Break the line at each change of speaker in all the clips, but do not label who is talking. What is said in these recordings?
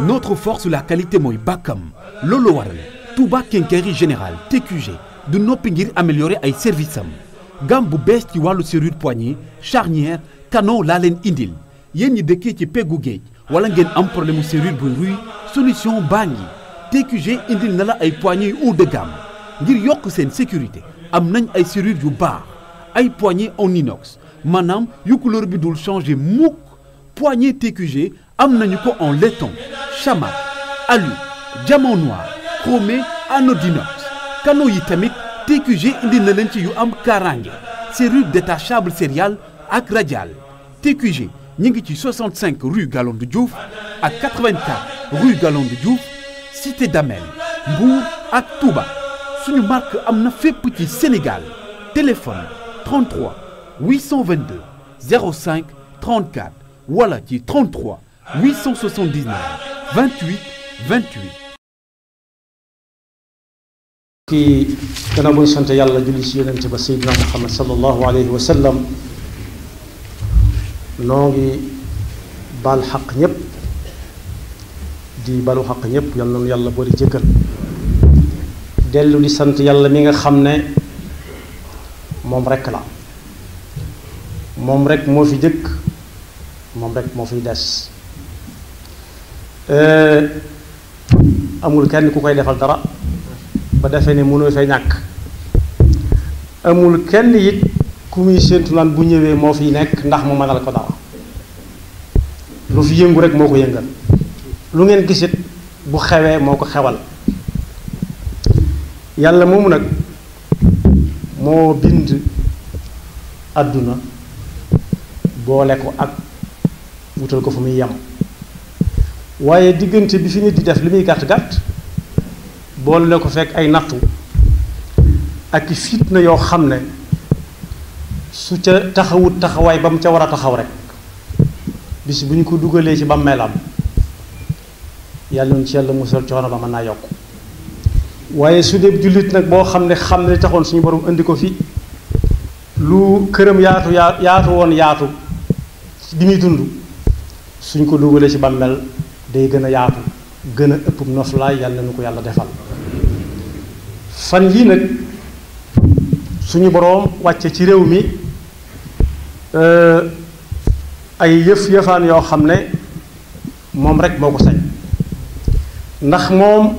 notre force la qualité mooy bàkkam loolu waral Touba Quincaillerie Générale TQG du noppi ngir améliorer ay service am gamme bu bees ci wàllu serrure poignée charnière canon laa leen indil yéen ñi dëkkee ci peggu géej wala ngeen am problème mu serrure bu ruy solution baa ngi TQG indil na la ay poignées yu haut de gamme ngir yokk seen sécurité am nañ ay serrure yu baax ay poignées en inox maanaam yu couleur bi dul changer mukk poignée TQG am nañu ko en laiton chamat alu diamant noir chromé anodinox canaux yi tamit TQG indi na leen ci yu am kaaraange serrure détachable céréale ak radial TQG ñi ngi ci 65 rue Galandou Diouf ak 84 rue Galandou Diouf cité d'Amel Mbour ak Touba suñu marque am na fépp ci Sénégal téléphone 33 822 05 34 wala ci 33 879 28 28.
kii gannaaw bu ñu sant yàlla julli ci yonente ba Seydina Muhammad sallallahu alayhi wa sallam noo ngi baal xaq ñépp di balu xaq ñépp yal nañu yàlla boole jëkkal dellu di sant yàlla mi nga xam ne moom rekk la moom rekk moo fi jëkk moom rekk moo fi des Eh, amul kenn ku koy defal dara ba defee ne mënoo fee ñàkk amul kenn it ku muy séentu naan bu ñëwee moo fi nekk ndax mu mënal ko dara lu fi yëngu rek moo ko yëngal lu ngeen gisit bu xewee moo ko xewal yàlla moomu nag moo bind àdduna boole ko ak wutal ko fu muy yem waaye diggante bi fi nit di def li muy gàtt gàtt boole la ko fekk ay nattu ak na yoo xam ne su ca taxawut taxawaay ba mu ca war a taxaw rek bis bu ñu ko dugalee ci bàmmeelam yàlla na ci yàlla musal coono ba mën naa yokk waaye su dee jullit nag boo xam ne xam ne taxoon suñu borom indi ko fi lu këram yaatu yaatu woon yaatu bi muy dund suñ ko dugalee ci bàmmeel day gën a yaatu gën a ëpp noflaay yàlla na ko yàlla defal fan lii nag suñu boroom wàcce ci réew mi euh, ay yëf yëfaan yoo xam ne moom rek moo ko sañ ndax moom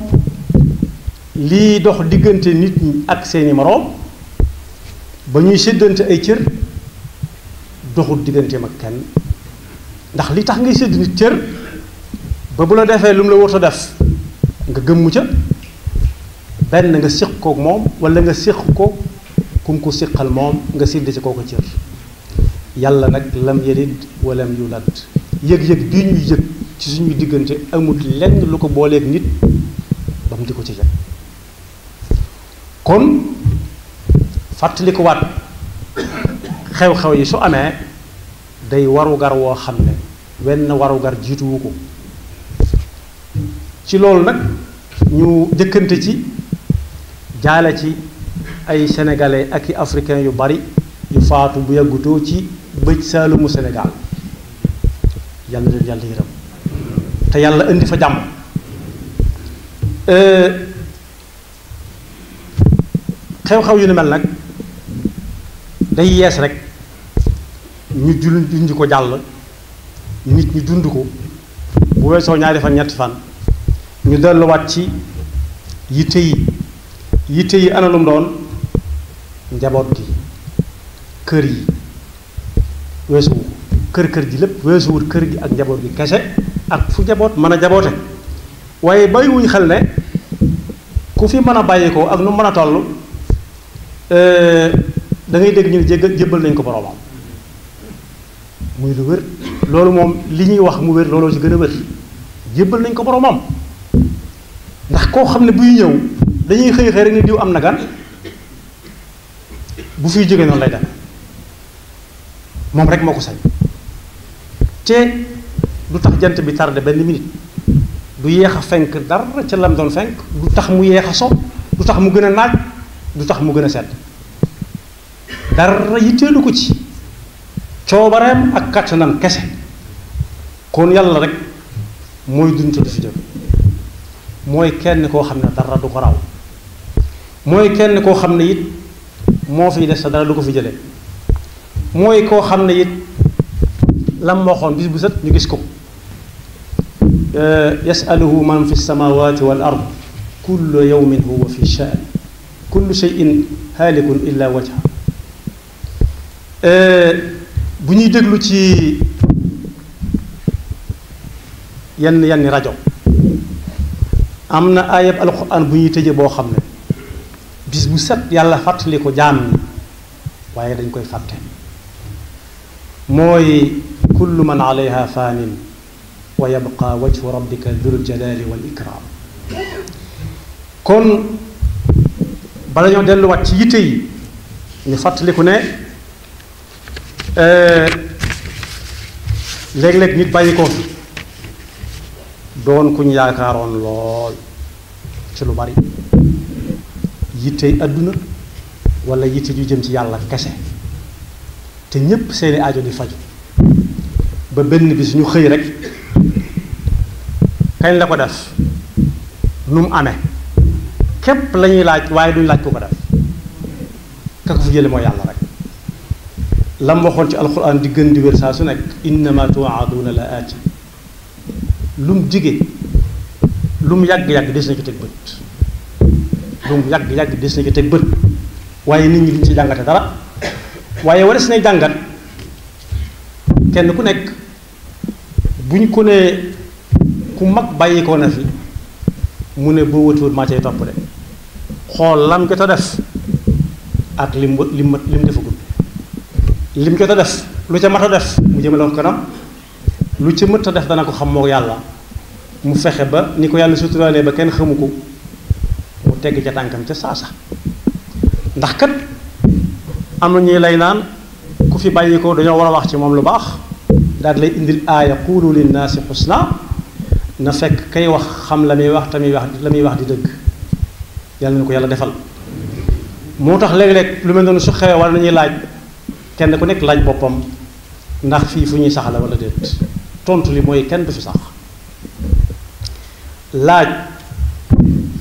lii dox diggante nit ñi ak seeni moroom ba ñuy séddante ay cër doxul digganteem ak kenn ndax li tax ngay sédd nit cër ba bu la defee lu mu la warta def nga gëmmu ca benn nga siq kook moom wala nga siq ko kum ko siqal moom nga siddi ci kooku cër yàlla nag lam yalid walam yulad yëg-yëg bii ñuy yëg ci suñuy diggante amut lenn lu ko booleek nit ba mu di ko ci yëg kon fàttalikuwaat xew-xew yi su amee day warugar woo xam ne wenn warugar jiituwu ko ci loolu nag ñu jëkkante ci jaale ci ay sénégalais ak i africain yu bari yu faatu bu yàggutoo ci bëj saalumu Sénégal yàlla leen yàlla yërëm te yàlla indi fa jàmm xew-xew yu ni mel nag day yees rek ñu jul dundi ko jàll nit ñi dund ko bu weesoo ñaari fan ñetti fan ñu delluwaat ci yitte yi yitte yi ana lu doon njaboot gi kër yi weesu kër kër ji lépp weesuwul kër gi ak njaboot gi kese ak fu njaboot mën a jaboote waaye bàyyiwuñ xel ne ku fi mën a bàyyi ko ak nu mën a toll eh, da ngay dégg ñu ne jégg jébbal nañ ko boroomam muy lu wér loolu moom li ñuy wax mu wér looloo si gën a wér jëbbal nañ ko boroomam ndax koo xam ne buy ñëw dañuy xëy xëy rek ni diw am na gan bu fi jógee noonu lay dem moom rek moo ko sañ te du tax jant bi tardé benn minute du yeex a fenk dara ca lam doon fenk du tax mu yeex a so du tax mu gën a naaj du tax mu gën a sedd dara yitteelu ko ci coobareem ak kàttanam kese kon yàlla rek mooy dund te du fi jóge mooy kenn koo xam ne dara du ko raw mooy kenn koo xam ne it moo fi des sa dara du ko fi jële mooy koo xam ne it lam waxoon bis bu ñu gis ko eh, yasaluhu man fi samawati wal ard kullu yawmin huwa fi sha'n kullu shay'in haalikun illa wajha eh, bu ñuy déglu ci yenn yenn rajo am na ayab alquran bu ñuy tëje boo xam ne bis bu set yàlla fàttali ko jaam ñi waaye dañ koy fàtte mooy kullu man alayha fanin wa yabqa wajhu rabbika dul kon bala ñoo delluwaat ci yitte yi ñu fàttaliku ne euh, léeg-léeg nit bàyyi doon kuñ yaakaaroon lool ci lu bari yittey àdduna wala yitte ju jëm ci yàlla kese te ñépp seeni ajo di faju ba benn bis ñu xëy rek kañ la ko def nu mu amee képp lañuy laaj waaye duñ laaj ku ko def ka ko fu jële mooy yàlla rek lam waxoon ci alxuraan di gën di wér saa su nekk innama tuwaaduuna la aati lum mu digee lu mu yàgg-yàgg des na ko teg bët lu yàgg-yàgg des na ko teg bët waaye nit ñi liñ ci jàngate dara waaye war si nay jàngat kenn ku nekk bu ñu ko nee ku mag bàyyi fi mu ne boo wëtiwut maa cay topp de xool lam jot a def ak lim lim lim defagul lim jot a def lu ca mat a def mu jëmale ko kanam lu ci mëtt a def dana ko xam moo yàlla mu fexe ba ni ko yàlla suturaalee ba kenn xamu ko mu tegg ca tànkam ca saasa ndax kat am na ñuy lay naan ku fi bàyyi ko dañoo war a wax ci moom lu baax daal lay indil aaya quulu linnaasi xusna na fekk kay wax xam la muy wax tamit wax la muy wax di dëgg yàlla na ko yàlla defal moo tax léeg lu mel na noonu su xewee war nañuy laaj kenn ku nekk laaj boppam ndax fii fu ñuy saxla wala déet tontu li mooy kenn du fi sax laaj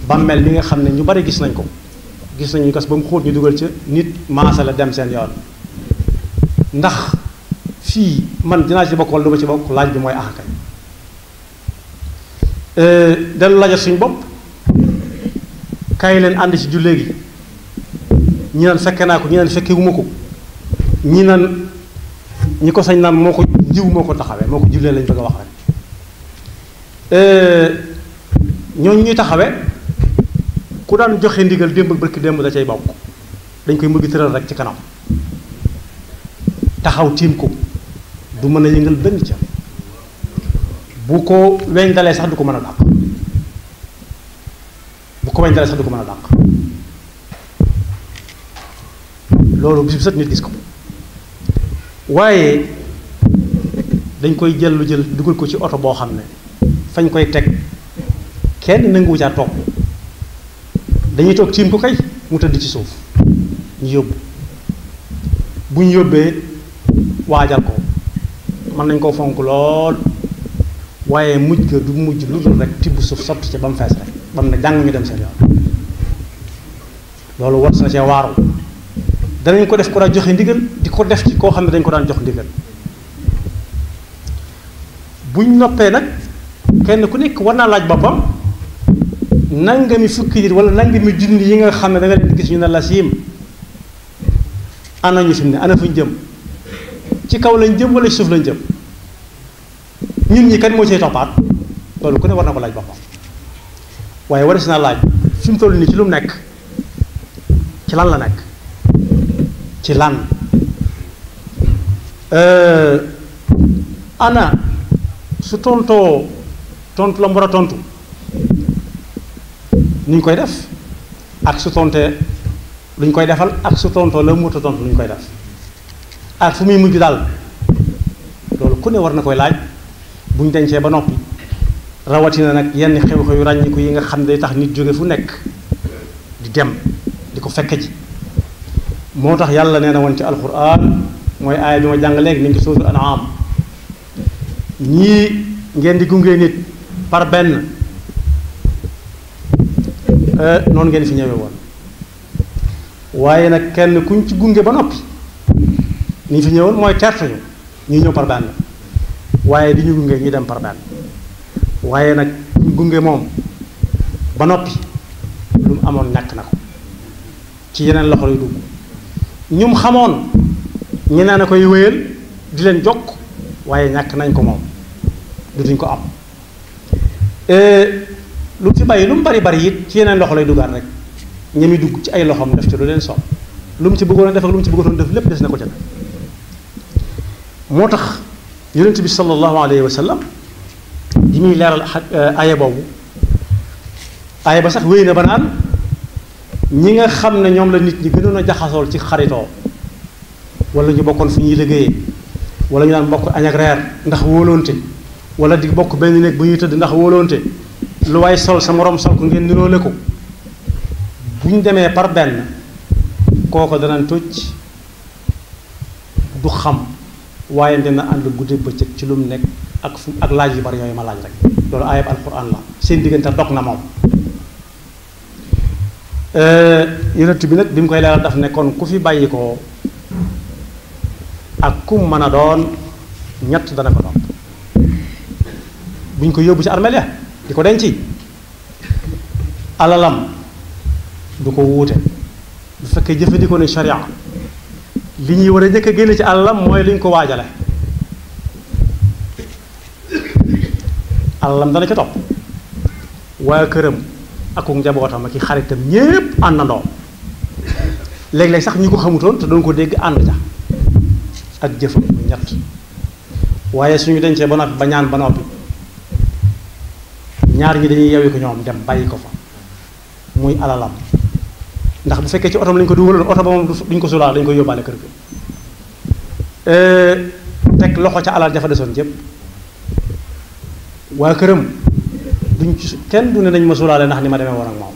bàmmeel bi nga xam ne ñu bare gis nañ ko gis nañu kas ba mu xóot ñu dugal ca nit maasa la dem seen yoon ndax fii man dinaa ci bokk wala ma ci bokk laaj bi mooy ax ah kañ euh, dellu laajal suñu bopp kaay leen ànd ci jullee gi ñi naan fekke naa ko ñi naan fekke ko ñi naan ñi ko sañ naan moo ko jiw moo ko taxawee moo ko jiw lañ bëgg a wax rek euh, ñooñu ñuy taxawee ku daan joxe ndigal démb ak barki démb da bokk dañ koy mëgg tëral rek ci kanam taxaw tiim ko du mën a yëngal benn ca bu ko weñ dalee sax du ko mën a dàq bu ko weñ dalee sax du ko mën a dàq loolu bis bu set nit gis ko. waaye dañ koy jël lu jël dugal ko ci oto boo xam ne fañ koy teg kenn nanguwu caa toog dañuy toog tiim ko kay mu tëdd ci suuf ñu yóbbu bu ñu yóbbee waajal ko mën nañ koo fonk lool waaye mujj ga du mujj lu dul rek tibb suuf sotti ci ba mu fees rek ba mu ne jàng ñu dem seen yoon loolu war na cee waaru danañ ko def ko daan joxe ndigal di ko def ci koo xam ne dañ ko daan jox ndigal buñ noppee nag kenn ku nekk war naa laaj boppam nangami fukki nit wala mi junni yi nga xam ne da nga leen gis ñu ne la siim ana ñu fi ne ana fuñ jëm ci kaw lañ jëm wala ci suuf lañ jëm ñun ñi kan moo cay toppaat loolu ku ne war na ko laaj boppam waaye waris naa laaj fi mu toll nii ci lu nekk ci lan la nekk. ci lan euh, ana su tontoo tontu la mu war a tontu nuñ koy def ak su tontee lu koy defal ak su tontoo la mu war tontu lu ñu koy def ak fu muy mujj daal loolu ku ne war na koy laaj buñ ñu dencee ba noppi rawatina nag yenn xew-xew yu ràññiku yi nga xam ne day tax nit jóge fu nekk di dem di ko fekke ji moo tax yàlla nee na woon ci alquran mooy aaya bi ma jàng léegi ni ngi suutu anaam ñii ngeen di gunge nit par benn euh, noonu ngeen fi ñëwee woon waaye nag kenn kuñ ci gunge ba noppi ni fi ñëwoon mooy terte ñu ñëw par benn waaye di ñu gunge ñu dem par benn waaye nag kuñ gunge moom ba noppi lu mu amoon ñàkk na ko ci yeneen loxo lay dugg ñum xamoon ñe naa na koy wéyal di leen jokk waaye ñàkk nañ ko moom duñ ko am euh, lu ci bàyyi lu mu bari bari it ci yeneen loxo lay dugaat rek ñami dugg ci ay loxoom def ci lu leen sopp lu mu ci bëggoon a def ak lu mu ci bëggoon def lépp des na ko ca moo tax yonent bi sallallahu alayhi wa sallam di muy leeral euh, aaya boobu aaya ba sax wéy na ba ñi nga xam ne ñoom la nit ñi gënoon a jaxasool ci xaritoo wala ñu bokkoon fu ñuy liggéeyee wala ñu daan bokk añ ak reer ndax wóolonte wala di bokk benn néeg bu ñuy tëdd ndax wóolonte lu waaye sol sa moroom sol ko ngeen niroole ko bu ñu demee par benn kooko danañ tocc du xam waaye dina ànd guddi bëccëg ci lu mu nekk ak fu ak laaj yu bari yooyu ma laaj rek loolu ayab alquran la seen diggante dog na moom Euh, yonent bi nag bi mu koy leeral daf ne kon ku fi bàyyi ko ak ku mën a doon ñett dana ko doon buñ ko yóbbu ci armeel ya di ko denci alalam du ko wuute bu fekkee jëfandikoo ne sharia li ñuy war a njëkk a génne ci alalam mooy li ko waajale alalam dana ca topp waa këram ak njabootam ak i xaritam ñépp àndandoo léeg-léeg sax ñu ko xamutoon te doon ko dégg ànd ja ak jëfam muy ñett waaye suñu dencee ba noppi ba ñaan ba noppi ñaar ñi dañuy yewi ko ñoom dem bàyyi ko fa muy alalam ndax bu fekkee ci otom lañ ko duwaloon oto ba moom duñ ko sulaa dañ koy yóbbaale kër gi euh, teg loxo ca alal jafa desoon jëpp waa këram duñ ci kenn du ne nañ ma sulaale ndax ni ma demee woon ak moom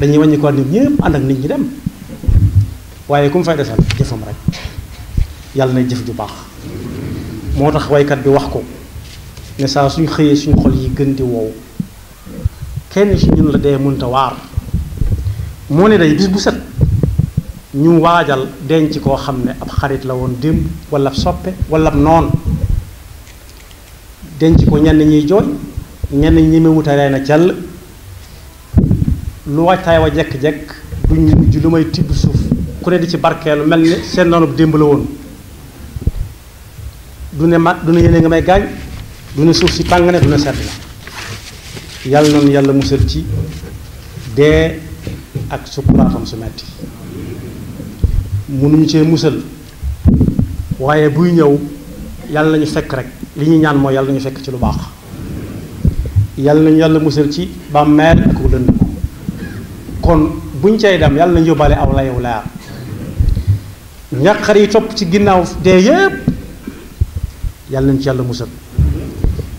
dañuy wàññi ko nit nit ñi dem waaye ku mu fay defal jëfam rek yàlla na jëf ju baax moo tax waykat bi wax ko ne saa suñ xëyee suñ xol yi gën di wow kenn ci ñun la dee mënta waar moo ne day bis bu set ñu waajal denc koo xam ne ab xarit la woon démb walla ab soppe walla ab noon denc ko ñenn ñuy jooy ñenn ñi ma wutale na cell lu waajtaay wa jekk-jekk duñ mujj lu may tibb suuf ku ne di ci barkeelu mel ni seen noonu démb la woon du ne ma du ne yéene nga may gaañ du ne suuf si tàng ne du ne sedd la yàlla noonu yàlla musal ci dee ak sukkuraatam su metti mënuñu cee musal waaye buy ñëw yàlla nañu fekk rek li ñuy ñaan mooy yàlla nañu fekk ci lu baax yàlla nañu yàlla musal ci bàmmeel ak ku lënd kon buñ cay dem yàlla nañu yóbbaale aw la yow laa ñaqar yi topp ci ginnaaw dee yépp yàlla nañ ci yàlla musal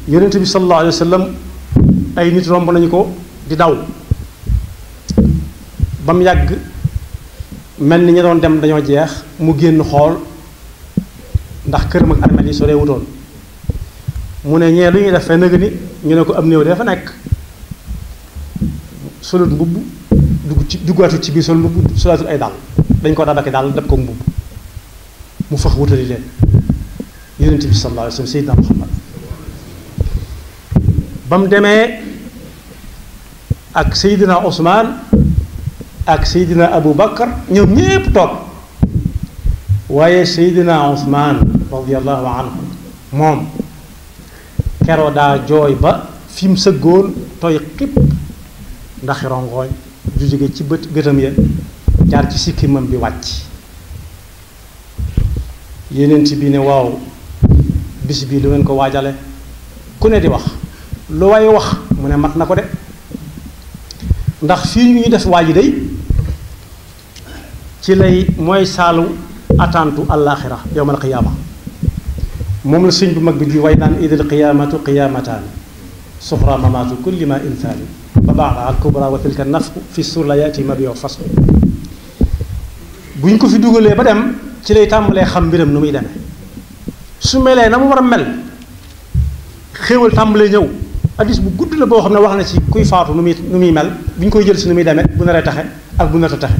yonent bi sallallahu alayhi wa ay nit romb nañu ko di daw ba mu yàgg mel ni ñi doon dem dañoo jeex mu génn xool ndax këram ak armeel yi soree wutoon mu ne ñee lu ñuy def fe nëg ni ñu ne ko am néew dafa nekk solut mbubb dugg ci duggaatu ci biir sol mbubb solaatul ay daal dañ ko dabake daal dab ko mbubb mu fax wutali leen yonent bi sallallahu alayhi wa sallam sayyidina Muhammad ba mu demee ak seydina Ousmane ak seydina Abu Bakar ñoom ñépp toog waaye seydina Ousmane radiyallahu anhu moom kero daa jooy ba fi sa góor tooy xib ndax rongooñ ju jóge ci bët gëtam ya jaar ci sikkimam bi wàcc yeneent bi ne waaw bis bii lu ngeen ko waajale ku ne di wax lu way wax mu ne mat na ko de ndax fii ñuy def waa ji ci lay mooy saalu atantu àllaaxira yowmal qiyaama moom la sëñ bu mag bi di way naan idil qiyaamatu qiyaamataan sufra mamaatu kulli ma insaani ba baax al kubra wa tilka nafku fi suur la yaati ma bi yow fasu bu ñu ko fi dugalee ba dem ci lay tàmbalee xam mbiram nu muy demee su melee na mu war a mel xéewal tàmbalee ñëw addis bu gudd la boo xam ne wax na ci kuy faatu nu muy nu muy mel bu ñu koy jël si nu muy demee bu neree taxe ak bu narta taxe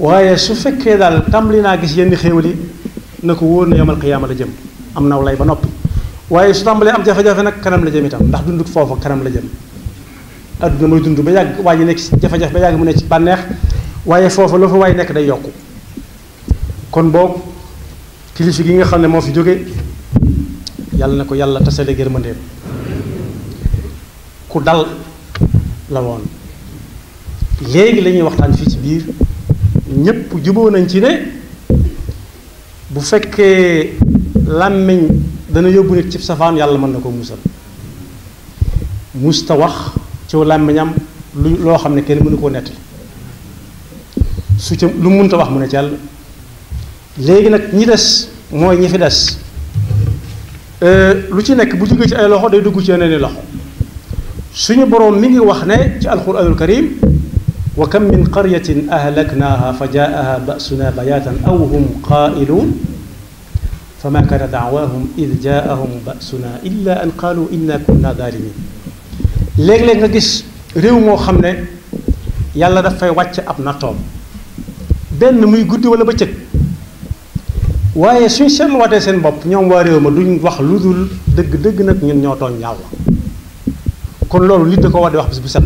waaye su fekkee daal tàmbali naa gis yenn xéew yi na ko wóor ne yomal xiyaama la jëm am naw lay ba noppi waaye su tàmbalee am jafe-jafe nag kanam la jëm itam ndax dund foofu kanam la jëm adduna mooy dund ba yàgg waa nekk ci jafe-jafe ba yàgg mu ne ci bànneex waaye foofa loo fa waaye nekk day yokku kon boobu kilifa gi nga xam ne moo fi jóge yàlla na ko yàlla tasale gërmandeem ku dal la woon léegi la waxtaan fii ci biir ñépp juboo nañ ci ne bu fekkee làmmiñ dana yóbbu nit ci safaan yàlla mën na ko musal ta wax ci làmmiñam lu loo xam ne kenn mënu koo nett su ca lu mënta wax mu ne ci yàlla léegi nag ñi des mooy ñi fi des euh, lu ci nekk bu jógee ci ay loxo day dugg ci yeneen i loxo suñu boroom mi ngi wax ne ci alxuraanul karim wa kam min qaryatin ahlaknaha fa jaaha basuna bayatan aw hum qailuun fa ma kaana daawahum id jaahum basuna illa an qaalu inna kunna zalimin léeg-léeg nga gis réew moo xam ne yàlla daf fay wàcc ab nattoom benn muy guddi wala bëccëg waaye suñ seetluwaatee seen bopp ñoom waa réew ma duñ wax lu dul dëgg dëgg nag ñun ñoo tooñ yàlla kon loolu li da ko war di wax bis bu set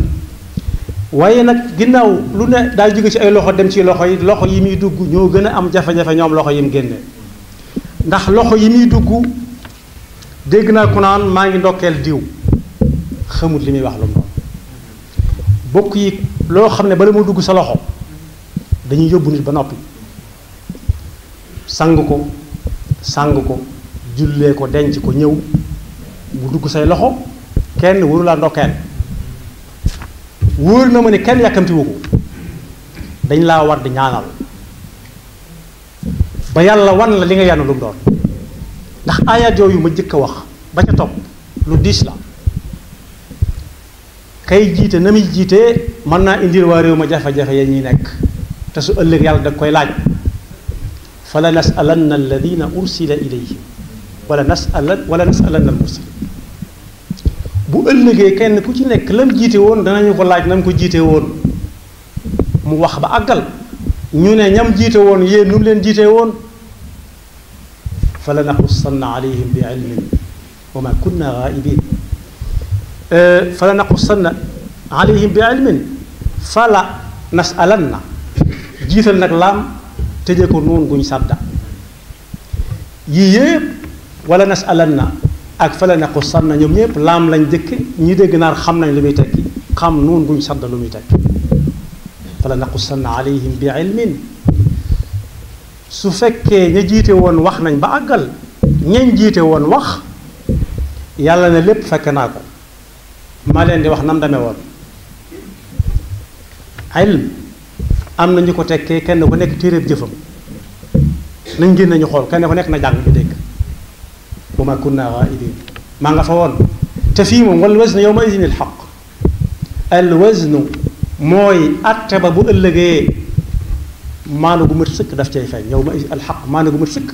waaye nag ginnaaw lu ne daa jóge ci ay loxo dem ci loxo yi loxo yi muy dugg ñoo gën a am jafe-jafe ñoom loxo yi mu génne ndax loxo yi muy dugg dégg naa ko naan maa ngi ndokkeel diw xamut li muy wax lu mu yi loo xam ne bala moo dugg sa loxo dañuy yóbbu nit ba noppi sang ko sang ko jullee ko denc ko ñëw mu dugg say loxo kenn warulaa ndokkeel wóor na ma ne kenn yàkkamti ko dañ laa war di ñaanal ba yàlla wan la li nga yàlla lu mu doon ndax aayaat yooyu ma jëkk a wax ba ca topp lu diis la kay jiite na muy jiite mën naa indil waa réew ma jafe-jafe ya ñuy nekk te su ëllëg yàlla da koy laaj fa la nasalanna alladina ursila ilayhim wala nasalan wala nasalanna al mursalin bu ëllëgee kenn ku ci nekk lam jiite woon dana danañu ko laaj nam ko jiite woon mu wax ba àggal ñu ne ñam jiite woon yéen nu mu leen jiite woon fa la naqussanna alayhim bi ilmin wa ma kunna fa la naqussanna jiital nag laam tëje ko noonu guñ sàdda yii yépp wala nasalanna ak fële ne xussan ñoom ñëpp laam lañ jëkk ñi dégg naar xam nañ lu muy tekki xam nuun guñ sadda lu muy tekki fala naqussanna alayhim bi ilmin su fekkee ña jiite woon wax nañ ba àggal ñañ jiite woon wax yàlla ne lépp fekk naa ko maa leen di wax nam demee woon ilm am na ñu ko tekkee kenn ku nekk téeréb jëfam nañ génn ñu xool kenn ku nekk na jàng bi dégg wa ma kunna ghaa'ibin maa nga fa woon te fii moom wal waznu yawma idin al xaq al waznu mooy atte ba bu ëllëgee maanu gu ma sëkk daf cay feeñ yawma idin al xaq maanu gu mat sëkk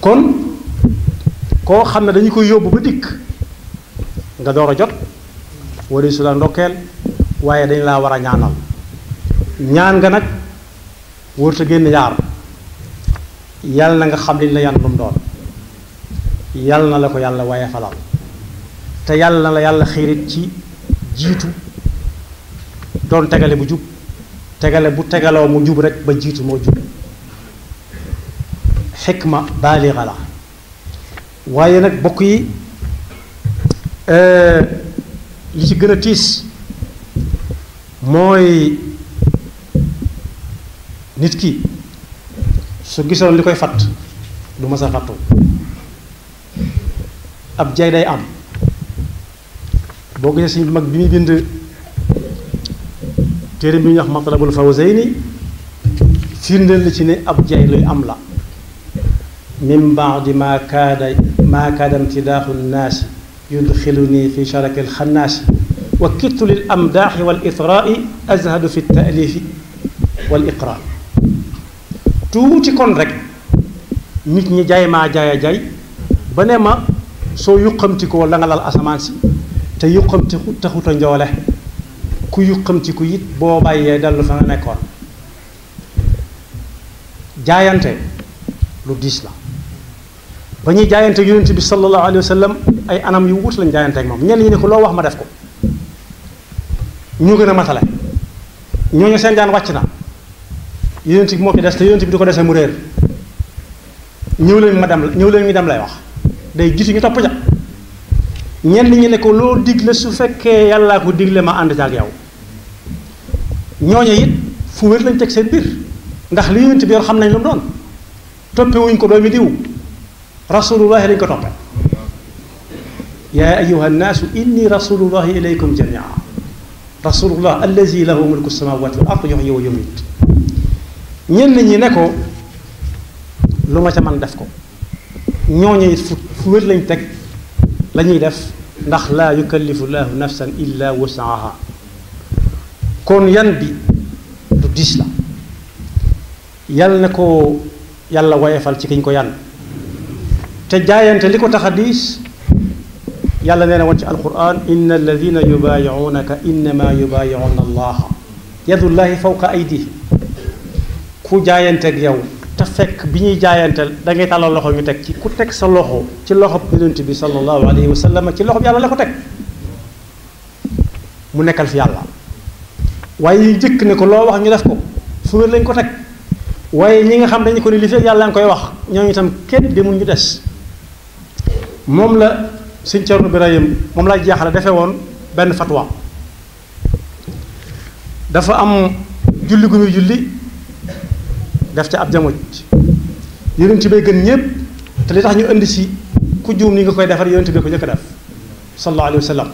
kon koo xam ne dañu koy yóbbu ba dikk nga door a jot wala su waaye dañ laa war a ñaanal ñaan nga nag wërta génn yaar yàlla na nga xam liñ la yan lu doon yàlla na la ko yàlla waaye falal te yàlla na la yàlla xiirit ci jiitu doon tegale bu jub tegale bu tegaloo mu jub rek ba jiitu moo jub xikma baaliga la waaye nag bokk yi euh, li ci gën a tiis mooy nit ki su gisoon li koy fatt du mës a fattu ab jay day am boo gisee suñu mag bi muy bind téere bi ñuy wax Matlabul Fawzayni firndeel la ci ne ab jay luy am la min baadi maa kaada maa kaada imtidaaxu nnaasi yudxiluni fi sharaki alxannaasi wa lil amdaaxi wal itraai azhadu fi taalifi wal iqraa tuuti kon rek nit ñi jaay maa jaay jaay ba ne ma soo yuqamtikoo la nga lal asamaan si te yuqamtiku taxuta njoole ku yuqamtiku it boo bàyyee dellu fa nga nekkoon jaayante lu diis la ba ñuy jaayante yonent bi sallallahu alayhi wa sallam ay anam yu wut lañ jaayante ak moom ñenn ñi ne loo wax ma def ko ñu gën a matale ñooñu seen jaan wàcc na yonent bi moo fi des te yonent bi du ko desee mu réer ñëw leen ma dem ñëw leen ñu dem lay wax day gis ñu topp ja ñenn ñi ne ko loo digle su fekkee yàllaa ko digle ma ànd ak yow ñooñu it fu wér lañ teg seen biir ndax li yonent bi yor xam nañ lu mu doon toppe wuñ ko doomi diw rasulullahi lañ ko toppe yaa ayuha nnaasu inni rasulullahi ilaykum jamia rasulullah allazi lahu mulku samawati wal ard yuhyi wa yumiit ñenn ñi ne ko lu ma ca man def ko ñooñu fu wér lañ teg lañuy def ndax laa yukallifu llahu nafsan illa wusaha kon yan bi du diis la yal na ko yàlla woyefal ci kiñ ko yan te jaayante li ko tax a diis yàlla nee na woon ci alquran inna alladina yubaayicuunaka innama yubaayicuuna allaha yadullahi fawqa aydihim ku jaayanteeg yow te fekk bi ñuy jaayanteel da ngay tàllal loxo ñu teg ci ku teg sa loxo ci loxo yonent bi sallallahu alayhi wa sallam ci loxo yàlla la ko teg mu nekkal fi yàlla waaye yi jëkk ne ko loo wax ñu def ko fu wér lañ ko teg waaye ñi nga xam dañu ko ne li fekk yàlla nga koy wax ñooñu itam kenn demul ñu des moom la sëñ Cerno Birahim moom laa jeexale defee woon benn fatwa dafa am julli gu julli def ca ab jamuj yonent bay gën ñëpp te li tax ñu indi si ku juum ni nga koy defar yonent bi ko njëkk a def sallallahu alayhi wa sallam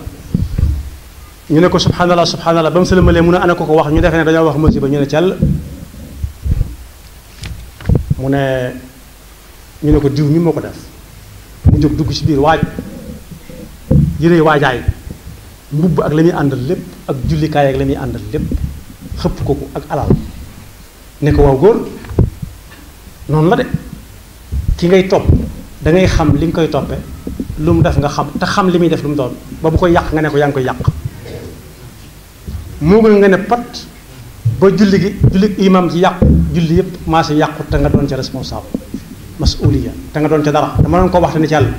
ñu ne ko subhanallah subhanallah ba mu sëlmalee mun ne ana ko ko wax ñu defee ne dañoo wax musiba ñu ne cell mu ne ñu ne ko diw mi moo ko def mu jóg dugg ci biir waaj yére waajaay mbubb ak la muy àndal lépp ak jullikaay ak la muy àndal lépp xëpp ko ko ak alal ne ko waaw góor noonu la de ki ngay topp da ngay xam li nga koy toppee lu mu def nga xam te xam li muy def lu mu doon ba bu koy yàq nga ne ko yaa koy yàq moo gën nga ne pat ba julli gi julli imam ci yàqu julli yëpp maa si yàqu te nga doon ca responsable masuliya te nga doon ca dara dama doon ko wax te ne ci yàlla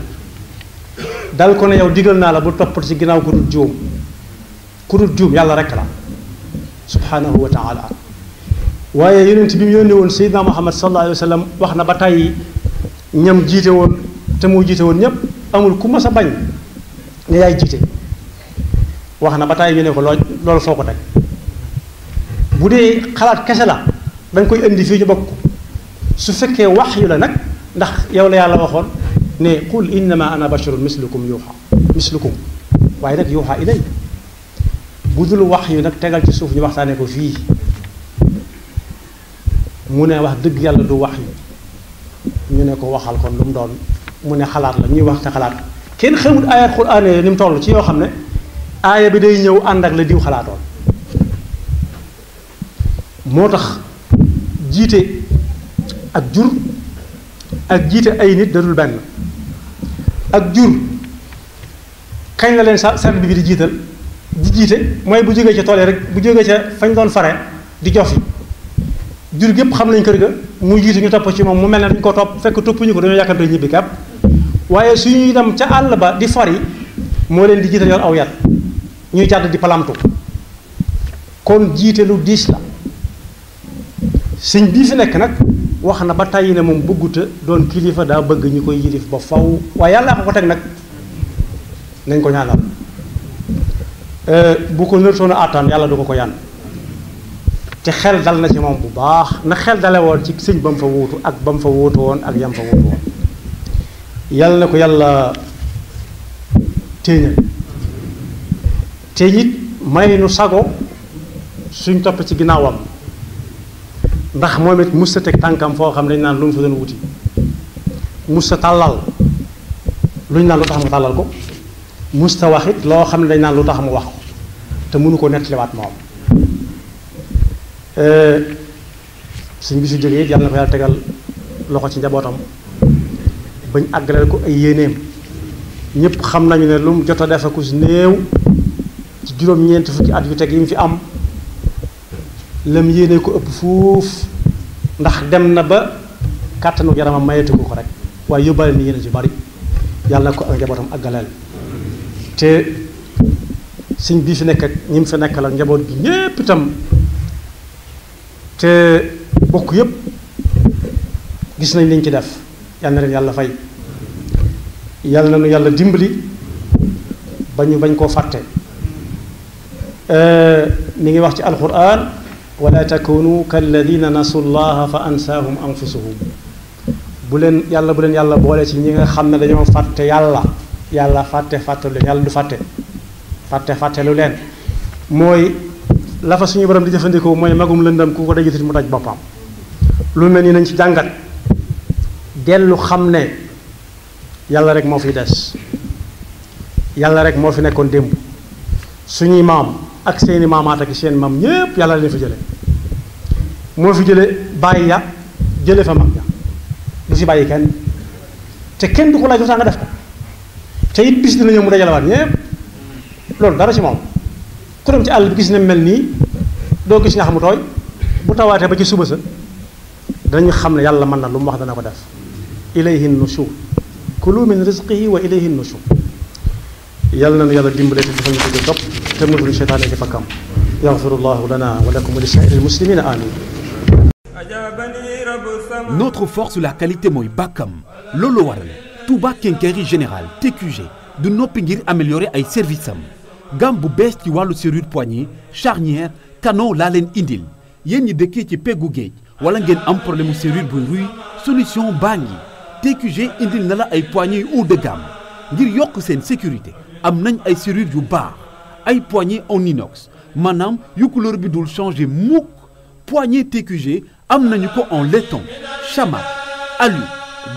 dal ko ne yow digal naa la bu toppati ci ginnaaw ku dul juum ku juum yàlla rek la subhanahu wa taala waaye yonent bi mu yónnee woon Seydina Muhammad sallallahu alayhi wa sallam wax na ba tàyyi ñam jiite woon te moo jiite woon ñëpp amul ku mas a bañ ne yaay jiite wax na ba tàyyi ñu ne lool loolu foo ko teg bu dee xalaat kese la dañ koy indi fii ñu bokk su fekkee wax yu la nag ndax yow la yàlla waxoon ne qul innama ana basharun mislukum yuuxa mislukum waaye nag yuuxa ilay bu dul wax yu nag tegal ci suuf ñu waxtaanee ko fii mu ne wax dëgg yàlla du wax ñu ne ko waxal kon lu mu doon mu ne xalaat la ñuy wax te xalaat kenn xamul aaya quraan ni tollu ci yoo xam ne aaya bi day ñëw ànd ak la diw xalaatoon moo tax jiite ak jur ak jiite ay nit dadul benn ak jur kañ la leen sa sàrdi bi di jiital di jiite mooy bu jógee ca tool yi rek bu jógee ca fañ doon fare di jox fi jur gépp xam nañ kër ga mu jiitu ñu topp ci moom mu mel ne dañ ko topp fekk toppuñu ko dañoo yàkkante ñibbi kàpp waaye suñuy dem ca àll ba di fari moo leen di jiite yor aw yat ñuy jàdd di palamtu kon jiite lu diis la sëñ bii fi nekk nag wax na ba tàyyi ne moom bëgguta doon kilifa daa bëgg ñu koy yilif ba faw waaye yàlla ko ko teg nag nañ ko ñaanal euh, bu ko nërtoon a àttaan yàlla du ko ko yaan te xel dal na ci moom bu baax na xel dale woon ci sëñ ba mu fa wuutu ak ba mu fa wuutu woon ak yam fa wuutu woon yàlla na ko yàlla téeñal te it may nu sago suñ topp ci ginnaawam ndax moom it mus sa teg tànkam foo xam ne dañ naan lu mu fa wuti mus tàllal lu ñu tax mu tàllal ko mus sa wax loo xam ne dañ naan lu tax mu wax ko te mënu ko nettaliwaat moom Euh, suñ bi su jógee it yàlla na ko yàlla tegal loxo ci njabootam bañ àggaleel ko ay yéeneem ñëpp xam nañu ne lu mu jot a def ku néew ci juróom-ñeenti fukki at yu teg yi mu fi am lem yéene ko ëpp fuuf ndax dem na ba kàttanu yaramam mayeetu ko rek waaye yóbbaale ni yéene ci bari yàlla na ko ak njabootam àggaleel te suñ bii fi nekk ak ñi mu fi nekkal ak njaboot bi ñépp itam te bokk yëpp gis nañ liñ ci def yal na leen yàlla fay yal na lu yàlla dimbali ba ñu bañ koo fàtte mi ngi wax ci alquran wala takunu kalladina nasu llaha fa ansaahum anfusahum bu leen yàlla bu leen yàlla boole si ñi nga xam ne dañoo fàtte yàlla yàlla fàtte fàtte lu leen yàlla du fàtte fàtte fàtte lu leen mooy lafa suñu borom di jëfandikoo mooy magum lëndam ku ko dajatit mu daj boppam lu mel ni nañ ci jàngat dellu xam ne yàlla rek moo fi des yàlla rek moo fi nekkoon démb suñuy maam ak seeni maamaat ak seen maam ñépp yàlla leen fa jële moo fi jële bàyyi ya jële fa mag ya du si bàyyi kenn te kenn du ko laaj lu tax nga def ko te it bis dina ñëw mu dajalewaat ñépp loolu dara si moom ku dem ci àll bi gis ne mel nii doo gis ñax mu tooy bu tawaatee ba ci suba sa danañu xam ne yàlla mën na lu mu wax dana ko def ilayhi nushur kulu min rizqihi wa ilayhi nushur yàlla nañu yàlla dimbale te dafa ñu dëgg topp te mosuñu seytaane ci fakkam yaxfirullahu lana wa lakum
wa li saa'iril muslimina amin notre force la qualité mooy bàkkam loolu waral Touba Quincaillerie Générale TQG du noppi ngir améliorer ay service am gam bu bees ci wàllu serrure poignée charnière canon laa leen indil yéen ñi dëkkee ci peggu géej wala ngeen am problème mu serrure buy ruy solution baa ngi TQG indil na la ay poignées yu haut de gamme ngir yokk seen sécurité am nañ ay serrure yu baax ay poignées en inox maanaam yu couleur bi dul changer mukk poignée TQG am nañu ko en laiton chamat alu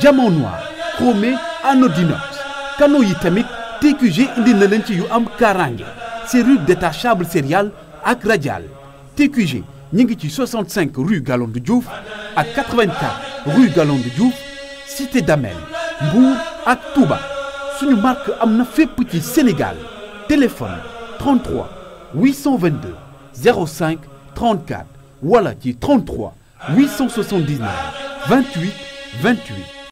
diamant noir chromé anodinox canaux yi tamit. TQG indi na leen ci yu am kaaraange serrure détachable sériale ak radiale TQG ñu ngi ci ru rue Galandou Diouf ak 84 rue Galandou Diouf cité Damel Mbour ak Touba suñu marque am na fépp ci Sénégal téléphone 33 822 05 34 wala ci 33 879